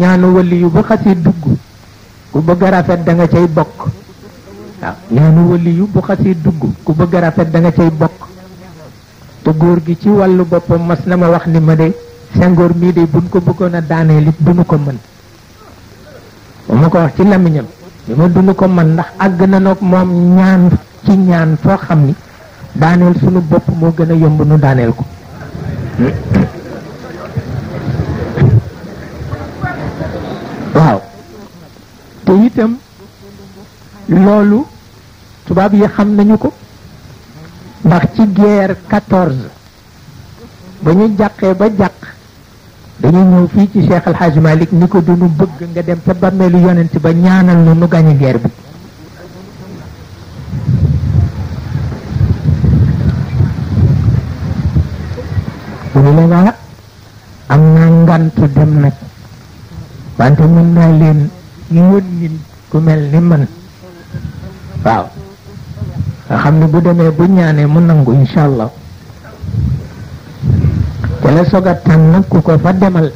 ñaanu wëli yu rafet da nga cay bokk bu xasee dugg ku bëgg rafet da cay bokk te góor gi ci wàll boppam mas na ma wax ni ma de sengoor mii de buñ ko bëggoon a daaneel it duñu ko mën ba ma ko wax ci lamiñam li ma ko mën ndax àgg na nag moom ñaan ci ñaan foo xam ni daaneel suñu bopp moo gën a yomb nu daaneel ko waaw te itam loolu tubaab yi xam nañu ko ndax ci guerre 14 ba ñu jàqee ba jàq dañu ñëw fii ci cheikh alhaaj malik ni ko dunu bëgg nga dem ca bàmmeelu yonent ba ñaanal nu nu gañe guerre bi ñu leen am naa ngant dem nag wante mën naa leen yónni ku mel ni man waaw nga xam ne bu demee bu ñaanee mu nangu incha allah te la soga tànn nag ku ko fa demal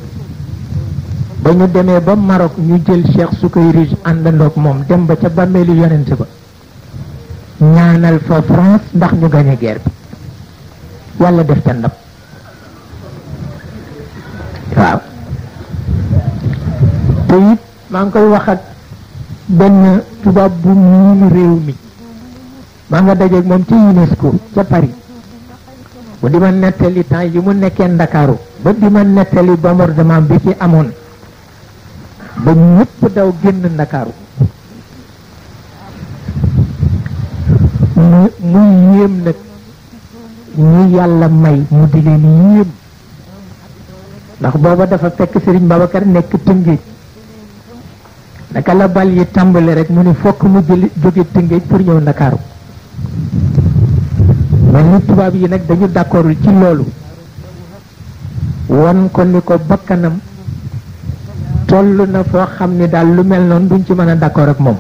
ba ñu demee ba Maroc ñu jël Cheikh Sukayrij àndandoog moom dem ba ca bàmmeelu yonent ba ñaanal fa France ndax ñu gañe guerre bi walla def ca ndam te it maa ngi koy wax ak benn tubaab bu miin réew mi maa nga dajeeg moom ci UNESCO ca Paris bu di ma nettali temps yi mu nekkee Ndakaaru ba di ma nettali bombardement bi ci amoon ba ñëpp daw génn Ndakaaru mu muy yéem nag ñu yàlla may mu di leen yéem ndax booba dafa fekk Serigne Babacar nekk tëngéej naka la bal yi tàmbale rek mu ni fokk mu jëli jóge tëngéej pour ñëw ndakaaru mel ni tubaab yi nag dañu d'accordul ci loolu won ko ni ko bakkanam toll na foo xam ni daal lu mel noonu duñ ci mën a d'accord ak moom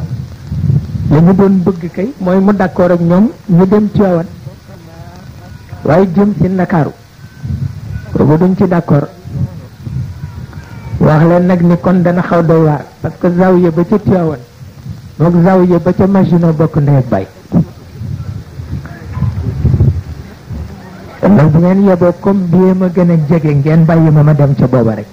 li ñu doon bëgg kay mooy mu d'accord ak ñoom ñu dem Tiwaawan waaye jëm si ndakaaru boobu duñ ci d'accord wax leen nag ni kon dana xaw doy waar parce que zawiya ba ca Tiwaawan moog zawiya ba ca Majino bokk ndey ak bay bu ngeen yeboo comme bii ma gën a jege ngeen bàyyi ma ma dem ca booba rek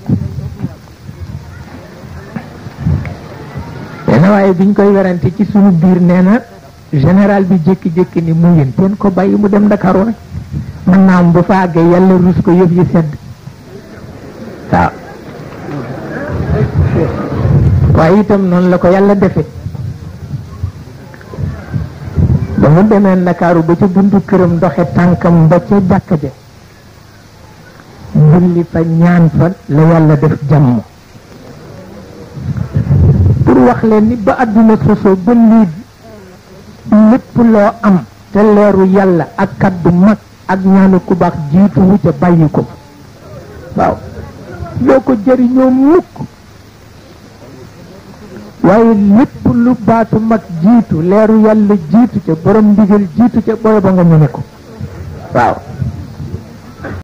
dana waaye biñ koy werante ci suñu biir nee na général bi jékki-jékki ni mu yéen teen ko bàyyi mu dem Ndakaaru rek mën naa am bu fa àggee yàlla rus ko yëf yi sedd waaye itam noonu la ko yàlla defe ba mu demee ndakaaru ba ca buntu këram doxe tànkam ba ca jàkka ja julli fa ñaan fa la yàlla def jàmm pour wax leen ni ba àdduna sosoo ba lii lépp loo am te leeru yàlla ak kaddu mag ak ñaanu ku baax ca bàyyi ko waaw loo ko jëriñoo mukk waaye lépp lu baatu mag jiitu leeru yàlla jiitu ca borom ndigal jiitu ca booy ba nga ko waaw